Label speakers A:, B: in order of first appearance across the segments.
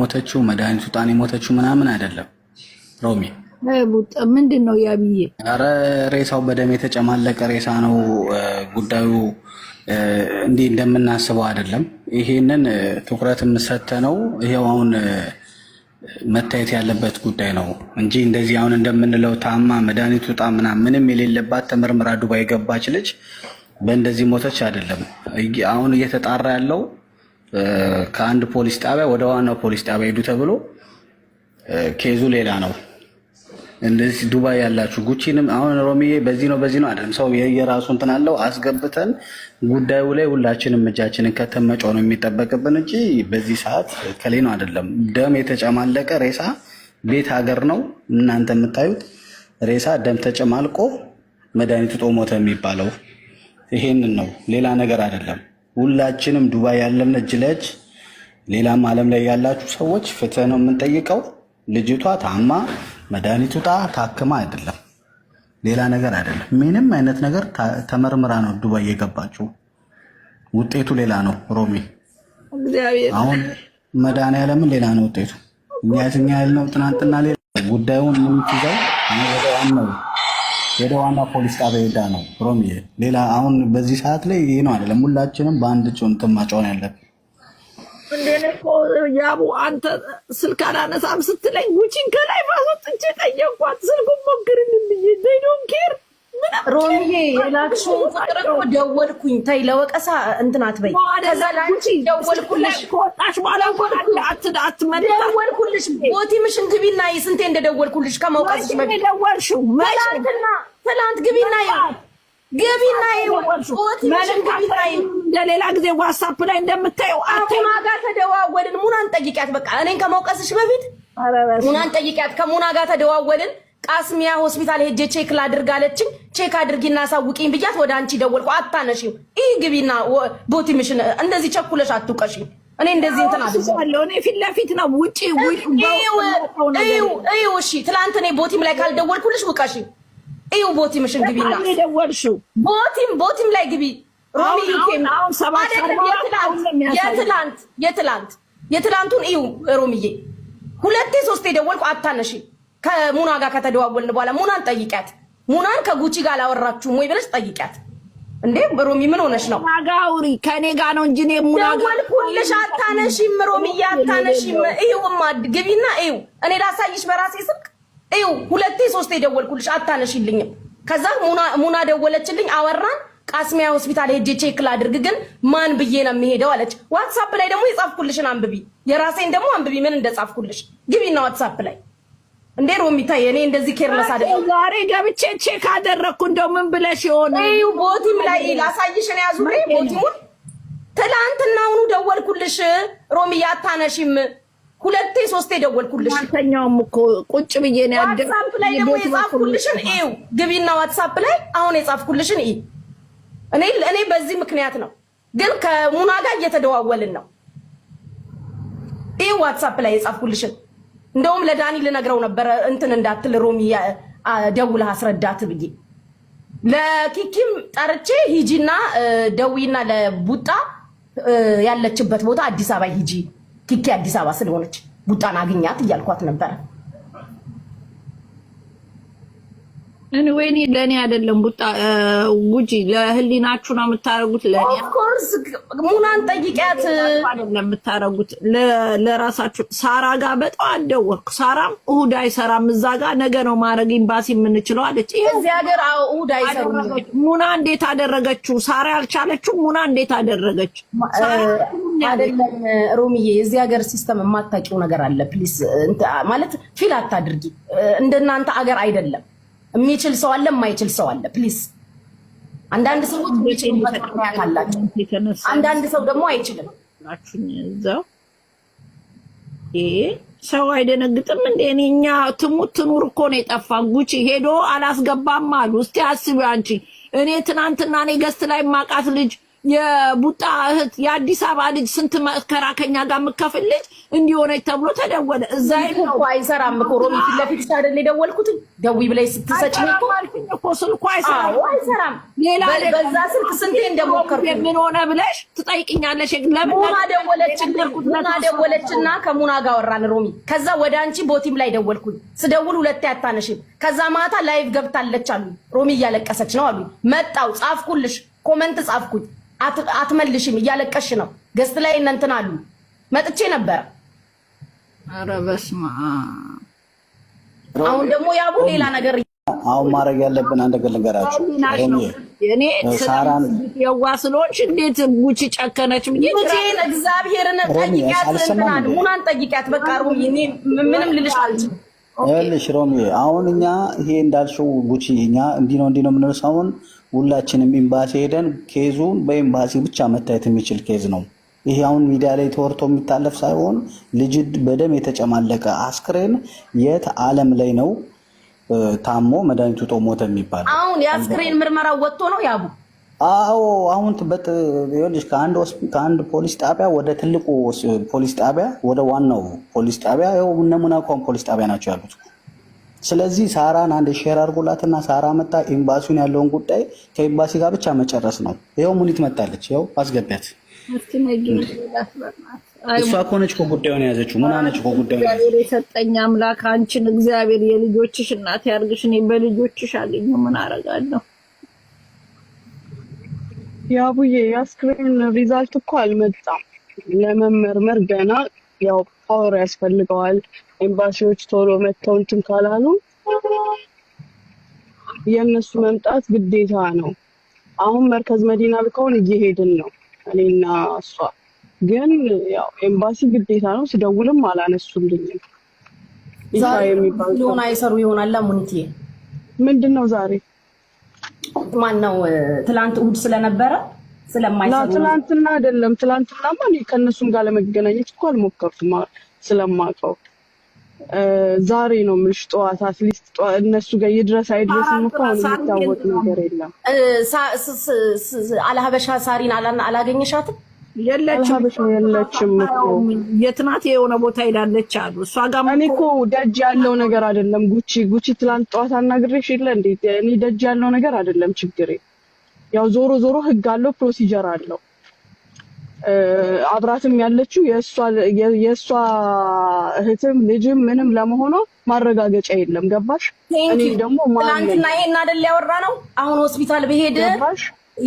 A: የሞተችው መድኃኒቱ ጣን የሞተችው ምናምን አይደለም። ሮሚ
B: ምንድን ነው ያብዬ?
A: ኧረ ሬሳው በደም የተጨማለቀ ሬሳ ነው። ጉዳዩ እንዲህ እንደምናስበው አይደለም። ይሄንን ትኩረት የምሰተ ነው። ይሄው አሁን መታየት ያለበት ጉዳይ ነው እንጂ እንደዚህ አሁን እንደምንለው ታማ መድኃኒቱ ጣ ምናምን ምንም የሌለባት ተመርምራ ዱባይ የገባች ልጅ በእንደዚህ ሞተች አይደለም። አሁን እየተጣራ ያለው ከአንድ ፖሊስ ጣቢያ ወደ ዋናው ፖሊስ ጣቢያ ሄዱ ተብሎ ኬዙ ሌላ ነው። እንደዚህ ዱባይ ያላችሁ ጉቺንም አሁን ሮሚዬ በዚህ ነው በዚህ ነው አይደለም። ሰው የየራሱ እንትን አለው። አስገብተን ጉዳዩ ላይ ሁላችንም እጃችንን ከተመጮ ነው የሚጠበቅብን እንጂ በዚህ ሰዓት ከሌ ነው አይደለም። ደም የተጨማለቀ ሬሳ ቤት ሀገር ነው እናንተ የምታዩት ሬሳ ደም ተጨማልቆ መድኃኒቱ ጦሞተ የሚባለው ይሄንን ነው፣ ሌላ ነገር አይደለም። ሁላችንም ዱባይ ያለን እጅ ለእጅ ሌላም ዓለም ላይ ያላችሁ ሰዎች ፍትህ ነው የምንጠይቀው። ልጅቷ ታማ መድኃኒት ውጣ ታክማ አይደለም፣ ሌላ ነገር አይደለም። ምንም አይነት ነገር ተመርምራ ነው ዱባይ የገባችው። ውጤቱ ሌላ ነው። ሮሚ አሁን መድኃኒዓለምን ሌላ ነው ውጤቱ። እኛ ያልነው ትናንትና ሌላ ጉዳዩን የምትይዘው ነው ወደ ዋና ፖሊስ ጣቢያ ሄዳ ነው ሮሚ። ሌላ አሁን በዚህ ሰዓት ላይ ይህ ነው አይደለም። ሁላችንም በአንድ እንትን ማጫወን ያለን
B: እንደኔ ያቡ አንተ ስልክ አላነሳም ስትለኝ ውጭን ከላይ ራሱ ጥቼ ጠየኳት። ስልኩን ሞክርልኝ ብዬ ዶንት ኬር ሮሚዬ የላክሽውን ቁጥር እኮ ደወልኩኝ። ተይ ለወቀሳ እንትን አትበይ። ደወልኩልሽ ከወጣሽ በኋላ ደወልኩልሽ። ግቢና ስንቴ እንደደወልኩልሽ ከመውቀስሽ በፊት ደወልሽው። ግቢና ግቢና ቦቲምሽን ግቢና ጊዜ ዋትሳፕ ላይ እንደምታየው ጋር ተደዋወልን። ሙናን ጠይቂያት። በቃ እኔን ከመውቀስሽ በፊት ሙናን ጠይቂያት። ከሙና ጋር ተደዋወልን ቃስሚያ ሆስፒታል ሄጄ ቼክ ላድርግ አለችኝ። ቼክ አድርጊና አሳውቂኝ ብያት ወደ አንቺ ደወልኩ። አታነሺው። ይህ ግቢና ቦቲ ምሽን እንደዚህ ቸኩለሽ አትውቀሽ። እኔ እንደዚህ እንትን አለው እኔ ፊት ለፊት ነው ውጪ ይው እሺ። ትላንት እኔ ቦቲም ላይ ካልደወልኩልሽ ውቀሽ ይው ቦቲ ምሽን ግቢና ደወልሽው። ቦቲም ቦቲም ላይ ግቢ ሮሚ የትላንት የትላንቱን እዩ ሮሚዬ፣ ሁለቴ ሶስቴ ደወልኩ። አታነሺ ከሙና ጋር ከተደዋወልን በኋላ ሙናን ጠይቂያት። ሙናን ከጉቺ ጋር አላወራችሁም ወይ ብለሽ ጠይቂያት። እንዴ ሮሚ ምን ሆነሽ ነው? ጋውሪ ከኔ ጋር ነው እንጂ ሙና ጋር ሁልሽ አታነሺም። ሮሚ ያታነሺም። ይው ማድ ግቢና ይው እኔ ላሳይሽ በራሴ ስልክ ይው ሁለቴ ሶስቴ ደወልኩልሽ አታነሺልኝም። ከዛ ሙና ሙና ደወለችልኝ፣ አወራን። ቃስሚያ ሆስፒታል ሄጄ ቼክ ላድርግ፣ ግን ማን ብዬ ነው የሚሄደው አለች። ዋትሳፕ ላይ ደግሞ የጻፍኩልሽን አንብቢ፣ የራሴን ደግሞ አንብቢ፣ ምን እንደጻፍኩልሽ ግቢና ዋትሳፕ ላይ እንዴ ሮሚታ የኔ እንደዚህ ኬርለስ አይደለም። ዛሬ ገብቼ ቼክ አደረግኩ። እንደው ምን ብለሽ የሆነ እዩ ቦቲም ላይ ላሳይሽ ነው ያዙ ቦቲሙን ትላንትና አሁኑ ደወልኩልሽ ሮሚያ አታነሺም። ሁለቴ ሶስቴ ደወልኩልሽ። ማንተኛውም እኮ ቁጭ ብዬ ነው ያደረኩት። ዋትሳፕ ላይ ደግሞ የጻፍኩልሽን እዩ ግቢና ዋትሳፕ ላይ አሁን የጻፍኩልሽን እዩ። እኔ እኔ በዚህ ምክንያት ነው ግን ከሙና ጋር እየተደዋወልን ነው። ይህ ዋትሳፕ ላይ የጻፍኩልሽን እንደውም ለዳኒ ልነግረው ነበረ እንትን እንዳትል ሮሚ ደውል አስረዳት ብዬ ለኪኪም ጠርቼ ሂጂና ደዊና ለቡጣ ያለችበት ቦታ አዲስ አበባ ሂጂ ኪኪ አዲስ አበባ ስለሆነች ቡጣን አግኛት እያልኳት ነበረ። ወይኔ ለእኔ አይደለም ቡጣ ጉጂ፣ ለህሊናችሁ ነው የምታረጉት። ለእኔ ኦፍኮርስ ሙናን ጠይቂያት አይደለም የምታረጉት፣ ለራሳችሁ። ሳራ ጋር በጠዋት ደወልኩ። ሳራም እሁድ አይሰራም እዛ ጋር ነገ ነው ማድረግ ኤምባሲ የምንችለው አለች። እዚህ ሀገር እሁድ አይሰሩም። ሙና እንዴት አደረገችው? ሳራ ያልቻለችው ሙና እንዴት አደረገች? አይደለም ሮሚዬ፣ የዚህ ሀገር ሲስተም የማታውቂው ነገር አለ። ፕሊስ ማለት ፊል አታድርጊ። እንደናንተ አገር አይደለም የሚችል ሰው አለ፣ የማይችል ሰው አለ። ፕሊዝ አንዳንድ ሰዎች ምክንያት አላቸው። አንዳንድ ሰው ደግሞ አይችልም። ሰው አይደነግጥም እንደ እኛ ትሙት ትኑር እኮ ነው የጠፋ ጉቺ ሄዶ አላስገባም አሉ። እስቲ አስቢ አንቺ እኔ ትናንትና እኔ ገስት ላይ ማቃት ልጅ የቡጣ እህት የአዲስ አበባ ልጅ ስንት መከራ ከኛ ጋር የምከፍል ልጅ እንዲሆነች ተብሎ ተደወለ። እዛ አይሰራም እኮ ሮሚ፣ ፊት ለፊት አይደል የደወልኩትን ደዊ ብላይ ስትሰጭ እኮ ስልኩ አይሰራም። ሌላ በዛ ስልክ ስንቴ እንደሞከርኩ ምን ሆነ ብለሽ ትጠይቅኛለሽ። ለምና ደወለችና ከሙና ጋር አወራን ሮሚ። ከዛ ወደ አንቺ ቦቲም ላይ ደወልኩኝ። ስደውል ሁለቴ አታነሽም። ከዛ ማታ ላይቭ ገብታለች አሉ ሮሚ፣ እያለቀሰች ነው አሉ። መጣው ጻፍኩልሽ፣ ኮመንት ጻፍኩኝ አትመልሽም፣ እያለቀሽ ነው። ገስት ላይ እነ አሉ መጥቼ ነበረ። ኧረ በስመ አብ። አሁን ደግሞ ያቡ ሌላ ነገር አሁን ማድረግ ያለብን አንድ ነገር ልንገራችሁ። የዋ ስለሆንሽ እንዴት ጉቺ ጨከነች? ጉቺን እግዚአብሔርን ጠይቂያት፣ እንትናል ሙናን ጠይቂያት። በቃ ምንም ልልሽ አልችልም። ይኸውልሽ ሮሚ አሁን እኛ ይሄ እንዳልሽው ጉቺ እኛ እንዲህ ነው እንዲህ ነው የምንለው ሰሞን ሁላችንም ኤምባሲ ሄደን ኬዙን በኤምባሲ ብቻ መታየት የሚችል ኬዝ ነው። ይሄ አሁን ሚዲያ ላይ ተወርቶ የሚታለፍ ሳይሆን ልጅ በደም የተጨማለቀ አስክሬን የት ዓለም ላይ ነው ታሞ መድኃኒቱ ጦሞተ የሚባል አሁን የአስክሬን ምርመራ ወጥቶ ነው ያቡ። አዎ አሁን ከአንድ ፖሊስ ጣቢያ ወደ ትልቁ ፖሊስ ጣቢያ ወደ ዋናው ፖሊስ ጣቢያ ው እነ ፖሊስ ጣቢያ ናቸው ያሉት። ስለዚህ ሳራን አንድ ሼር አድርጎላትና ሳራ መጣ። ኤምባሲውን ያለውን ጉዳይ ከኤምባሲ ጋር ብቻ መጨረስ ነው። ይኸው ሙኒት መጣለች። ይኸው አስገቢያት። እሷ እኮ እኮ ጉዳዩን የያዘችው። ምን አነች እኮ ጉዳዩን የሰጠኝ አምላክ አንቺን እግዚአብሔር የልጆችሽ እናት ያርግሽ። እኔ በልጆችሽ አገኘ ምን አረጋለሁ? የአቡዬ የአስክሬን ሪዛልት እኮ አልመጣም። ለመመርመር ገና ያው ፓወር ያስፈልገዋል ኤምባሲዎች ቶሎ መጥተው እንትን ካላሉ የእነሱ መምጣት ግዴታ ነው። አሁን መርከዝ መዲና ልከውን እየሄድን ነው እኔና እሷ። ግን ያው ኤምባሲ ግዴታ ነው። ስደውልም አላነሱልኝም። ሆን አይሰሩ ይሆናል። ሙኒት ምንድን ነው ዛሬ ማን ነው? ትላንት እሑድ ስለነበረ ስለማይሰሩ ትላንትና አይደለም። ማ ከእነሱም ጋር ለመገናኘት እኮ አልሞከርኩም ስለማውቀው ዛሬ ነው የምልሽ። ጠዋት አትሊስት እነሱ ጋር ይድረስ አይድረስም እኮ አሁን የሚታወቅ ነገር የለም። አልሀበሻ ሳሪን አላገኘሻትም? የለችም የለችም እኮ የትናት የሆነ ቦታ ሄዳለች አሉ። እሷ ጋር እኔ እኮ ደጅ ያለው ነገር አይደለም። ጉቺ ጉቺ ትላንት ጠዋት አናግሬሽ የለ እንዴ? እኔ ደጅ ያለው ነገር አይደለም ችግሬ። ያው ዞሮ ዞሮ ህግ አለው ፕሮሲጀር አለው አብራትም ያለችው የእሷ እህትም ልጅም ምንም ለመሆኗ ማረጋገጫ የለም። ገባሽ? እኔ ደግሞ ትናንትና ይሄን አይደል ያወራ ነው። አሁን ሆስፒታል ብሄድ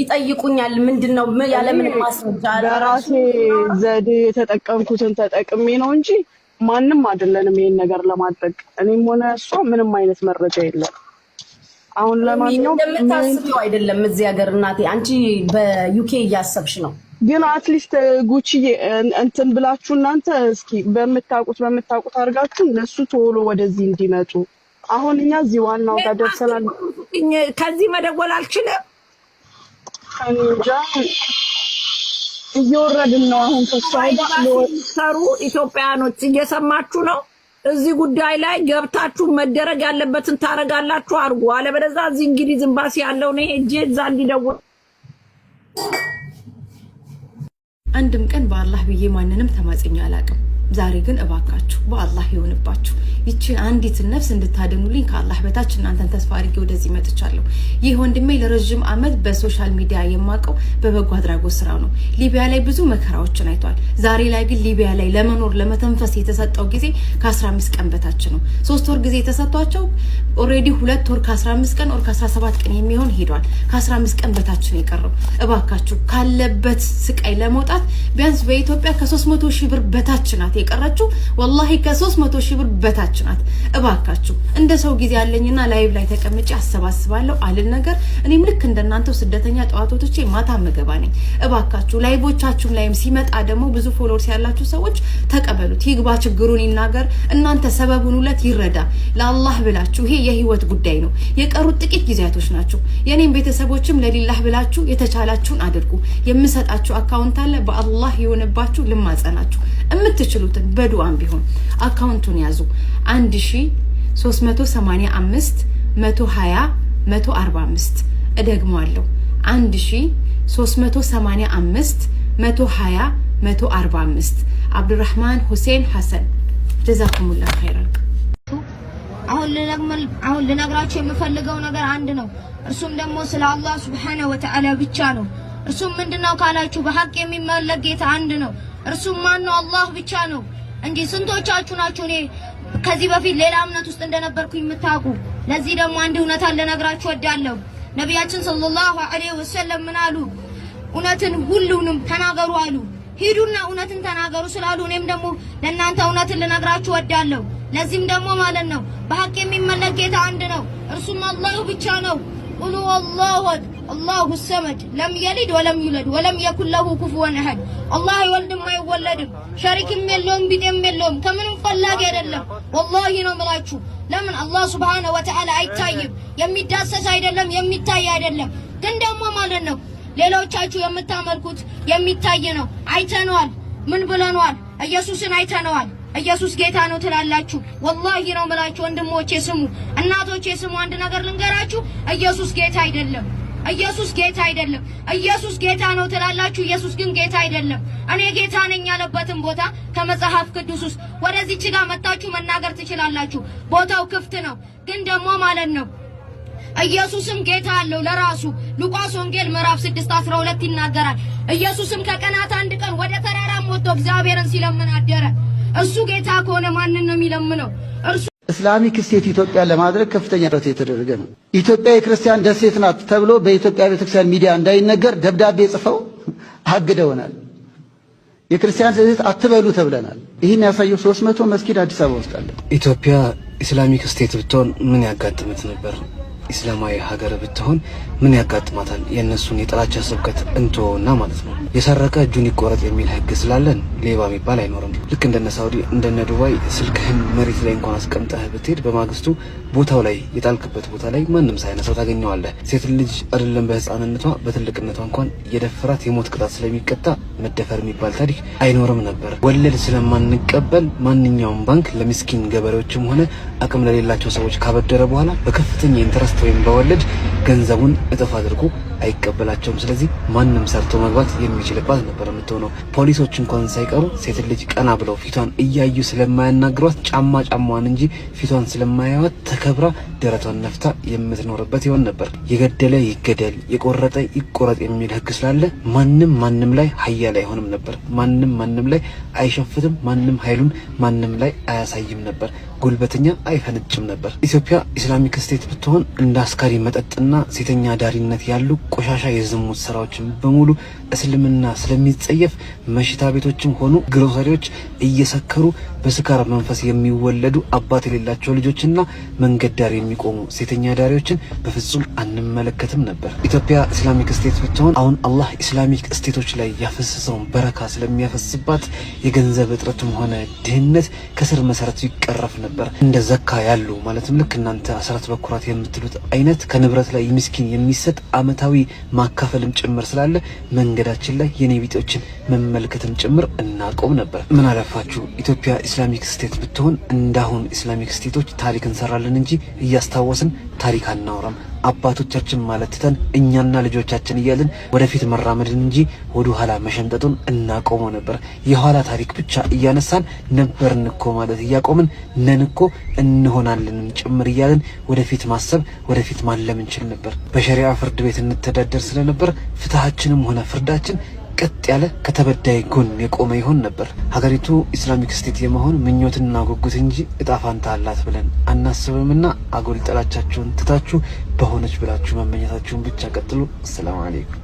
B: ይጠይቁኛል። ምንድን ነው ያለምንም ማስረጃ በራሴ ዘዴ የተጠቀምኩትን ተጠቅሜ ነው እንጂ ማንም አይደለንም ይሄን ነገር ለማድረግ እኔም ሆነ እሷ ምንም አይነት መረጃ የለም። አሁን ለማንኛውም እንደምታስቢው አይደለም እዚህ ሀገር እናቴ። አንቺ በዩኬ እያሰብሽ ነው ግን አትሊስት ጉቺዬ uh, uh, እንትን ብላችሁ እናንተ እስኪ በምታውቁት በምታውቁት አድርጋችሁ እነሱ ቶሎ ወደዚህ እንዲመጡ። አሁን እኛ እዚህ ዋናው ጋር ደርሰናል። ከዚህ መደወል አልችልም። እንጃ እየወረድን ነው አሁን ከሷ ሰሩ ኢትዮጵያኖች እየሰማችሁ ነው። እዚህ ጉዳይ ላይ ገብታችሁ መደረግ ያለበትን ታረጋላችሁ አድርጎ አለበለዚያ እዚህ እንግሊዝ ኤምባሲ ያለው ነው ሄጄ እዛ እንዲደውል አንድም ቀን በአላህ ብዬ ማንንም ተማጽኛ አላቅም። ዛሬ ግን እባካችሁ በአላህ ይሆንባችሁ ይቺ አንዲትን ነፍስ እንድታደኑልኝ ከአላህ በታች እናንተን ተስፋ አድርጌ ወደዚህ መጥቻለሁ። ይህ ወንድሜ ለረዥም ዓመት በሶሻል ሚዲያ የማውቀው በበጎ አድራጎት ስራ ነው። ሊቢያ ላይ ብዙ መከራዎችን አይቷል። ዛሬ ላይ ግን ሊቢያ ላይ ለመኖር ለመተንፈስ የተሰጠው ጊዜ ከ15 ቀን በታች ነው። ሶስት ወር ጊዜ የተሰጥቷቸው ኦልሬዲ ሁለት ወር ከ15 ቀን ወር ከ17 ቀን የሚሆን ሄዷል። ከ15 ቀን በታች ነው የቀረው። እባካችሁ ካለበት ስቃይ ለመውጣት ቢያንስ በኢትዮጵያ ከ300 ሺህ ብር በታች ናት የቀረችው ወላሂ ከሶስት መቶ ሺህ ብር በታች ናት። እባካችሁ እንደ ሰው ጊዜ ያለኝና ላይቭ ላይ ተቀምጬ አሰባስባለሁ አልል ነገር እኔም ልክ እንደናንተው ስደተኛ ጠዋቶቶቼ ማታ መገባ ነኝ። እባካችሁ ላይቮቻችሁም ላይም ሲመጣ ደግሞ ብዙ ፎሎወርስ ያላችሁ ሰዎች ተቀበሉት። ይግባ፣ ችግሩን ይናገር። እናንተ ሰበቡን ሁለት ይረዳ። ለአላህ ብላችሁ ይሄ የህይወት ጉዳይ ነው። የቀሩት ጥቂት ጊዜያቶች ናቸው። የእኔም ቤተሰቦችም ለሊላህ ብላችሁ የተቻላችሁን አድርጉ። የምሰጣችሁ አካውንት አለ። በአላህ የሆነባችሁ ልማጸናችሁ የምትችሉት የምትችሉትን በዱአም ቢሆን አካውንቱን ያዙ። 1385 120 145 እደግመዋለሁ 1385 120 145 አብዱራህማን ሁሴን ሐሰን ጀዛኩሙላ ኸይራን። አሁን ልነግራቸው የምፈልገው ነገር አንድ ነው። እርሱም ደግሞ ስለ አላህ ሱብሓነሁ ወተዓላ ብቻ ነው። እርሱም ምንድነው ካላችሁ በሐቅ የሚመለክ ጌታ አንድ ነው። እርሱም ማን ነው? አላህ ብቻ ነው እንጂ ስንቶቻችሁ ናችሁ እኔ ከዚህ በፊት ሌላ እምነት ውስጥ እንደነበርኩ የምታውቁ? ለዚህ ደግሞ አንድ እውነት ልነግራችሁ ወዳለሁ። ነቢያችን ሰለላሁ ዐለይሂ ወሰለም ምን አሉ? እውነትን ሁሉንም ተናገሩ አሉ። ሂዱና እውነትን ተናገሩ ስላሉ እኔም ደግሞ ለእናንተ እውነትን ልነግራችሁ ወዳለሁ። ለዚህም ደግሞ ማለት ነው በሐቅ የሚመለክ ጌታ አንድ ነው። እርሱም አላህ ብቻ ነው። ቁሉ አላሁ አላሁ ሰመድ ለም የሊድ ወለም ዩለድ ወለም የኩን ለሁ ኩፉወን አሐድ። አላህ አይወልድም አይወለድም፣ ሸሪክም የለውም ቢጤም የለውም፣ ከምንም ፈላጊ አይደለም። ወላሂ ነው ምላችሁ። ለምን አላህ ስብሓነ ወተዓላ አይታይም፣ የሚዳሰስ አይደለም፣ የሚታይ አይደለም። ግን ደግሞ ማለት ነው ሌሎቻችሁ የምታመልኩት የሚታይ ነው። አይተነዋል፣ ምን ብለነዋል? ኢየሱስን አይተነዋል። ኢየሱስ ጌታ ነው ትላላችሁ። ወላሂ ነው ምላችሁ። ወንድሞቼ ስሙ፣ እናቶቼ ስሙ፣ አንድ ነገር ልንገራችሁ። ኢየሱስ ጌታ አይደለም። ኢየሱስ ጌታ አይደለም። ኢየሱስ ጌታ ነው ትላላችሁ፣ ኢየሱስ ግን ጌታ አይደለም። እኔ ጌታ ነኝ ያለበትን ቦታ ከመጽሐፍ ቅዱስ ውስጥ ወደዚች ጋር መጣችሁ መናገር ትችላላችሁ። ቦታው ክፍት ነው። ግን ደግሞ ማለት ነው ኢየሱስም ጌታ አለው ለራሱ ሉቃስ ወንጌል ምዕራፍ 6 12 ይናገራል። ኢየሱስም ከቀናት አንድ ቀን ወደ ተራራም ወጥቶ እግዚአብሔርን ሲለምን አደረ። እሱ ጌታ ከሆነ ማንን ነው የሚለምነው? እርሱ እስላሚክ ስቴት ኢትዮጵያ ለማድረግ ከፍተኛ ጥረት የተደረገ ነው። ኢትዮጵያ የክርስቲያን ደሴት ናት ተብሎ በኢትዮጵያ ቤተክርስቲያን ሚዲያ እንዳይነገር ደብዳቤ ጽፈው አግደውናል። የክርስቲያን ደሴት አትበሉ ተብለናል። ይህን ያሳየው ሶስት መቶ መስጊድ አዲስ አበባ ውስጥ አለ።
C: ኢትዮጵያ ኢስላሚክ ስቴት ብትሆን ምን ያጋጥመት ነበር? ኢስላማዊ ሀገር ብትሆን ምን ያጋጥማታል? የእነሱን የጥላቻ ስብከት እንተወውና ማለት ነው። የሰረቀ እጁን ይቆረጥ የሚል ህግ ስላለን ሌባ የሚባል አይኖርም። ልክ እንደነ ሳውዲ እንደነ ዱባይ ስልክህን መሬት ላይ እንኳን አስቀምጠህ ብትሄድ በማግስቱ ቦታው ላይ የጣልክበት ቦታ ላይ ማንም ሳይነሳው ታገኘዋለህ። ሴት ልጅ አይደለም በህፃንነቷ በትልቅነቷ እንኳን የደፈራት የሞት ቅጣት ስለሚቀጣ መደፈር የሚባል ታሪክ አይኖርም ነበር። ወለድ ስለማንቀበል ማንኛውም ባንክ ለሚስኪን ገበሬዎችም ሆነ አቅም ለሌላቸው ሰዎች ካበደረ በኋላ በከፍተኛ ኢንተረስት ወይም በወለድ ገንዘቡን እጥፍ አድርጎ አይቀበላቸውም። ስለዚህ ማንም ሰርቶ መግባት የሚችልባት ነበር የምትሆነው። ፖሊሶች እንኳን ሳይቀሩ ሴት ልጅ ቀና ብለው ፊቷን እያዩ ስለማያናግሯት ጫማ ጫማዋን እንጂ ፊቷን ስለማያዩት ተከብራ ደረቷን ነፍታ የምትኖርበት ይሆን ነበር። የገደለ ይገደል፣ የቆረጠ ይቆረጥ የሚል ህግ ስላለ ማንም ማንም ላይ ሀያል አይሆንም ነበር። ማንም ማንም ላይ አይሸፍትም። ማንም ኃይሉን ማንም ላይ አያሳይም ነበር። ጉልበተኛ አይፈነጭም ነበር። ኢትዮጵያ ኢስላሚክ ስቴት ብትሆን እንደ አስካሪ መጠጥና ሴተኛ ዳሪነት ያሉ ቆሻሻ የዝሙት ስራዎችን በሙሉ እስልምና ስለሚጸየፍ መሽታ ቤቶችም ሆኑ ግሮሰሪዎች እየሰከሩ በስካር መንፈስ የሚወለዱ አባት የሌላቸው ልጆችና መንገድ ዳር የሚቆሙ ሴተኛ ዳሪዎችን በፍጹም አንመለከትም ነበር። ኢትዮጵያ ኢስላሚክ ስቴት ብትሆን አሁን አላህ ኢስላሚክ ስቴቶች ላይ ያፈሰሰውን በረካ ስለሚያፈስባት የገንዘብ እጥረትም ሆነ ድህነት ከስር መሰረቱ ይቀረፍ ነበር። እንደ ዘካ ያሉ ማለትም ልክ እናንተ አስራት በኩራት የምትሉት አይነት ከንብረት ላይ ምስኪን የሚሰጥ አመታዊ ማካፈልም ጭምር ስላለ መንገዳችን ላይ የኔ ቢጤዎችን መመልከትም ጭምር እናቆም ነበር። ምን አለፋችሁ ኢትዮጵያ ኢስላሚክ ስቴት ብትሆን እንዳሁን ኢስላሚክ ስቴቶች ታሪክ እንሰራለን እንጂ እያስታወስን ታሪክ አናውራም። አባቶቻችን ማለት ትተን እኛና ልጆቻችን እያልን ወደፊት መራመድን እንጂ ወደ ኋላ መሸምጠጡን እናቆመ ነበር። የኋላ ታሪክ ብቻ እያነሳን ነበርን እኮ ማለት እያቆምን ነን እኮ እንሆናለንም ጭምር እያልን ወደፊት ማሰብ ወደፊት ማለም እንችል ነበር። በሸሪያ ፍርድ ቤት እንተዳደር ስለነበር ፍትሃችንም ሆነ ፍርዳችን ቀጥ ያለ ከተበዳይ ጎን የቆመ ይሆን ነበር። ሀገሪቱ ኢስላሚክ ስቴት የመሆን ምኞትና ጉጉት እንጂ እጣ ፋንታ አላት ብለን አናስብምና አጉል ጥላቻችሁን ትታችሁ በሆነች ብላችሁ መመኘታችሁን ብቻ ቀጥሉ። ሰላም አለይኩም።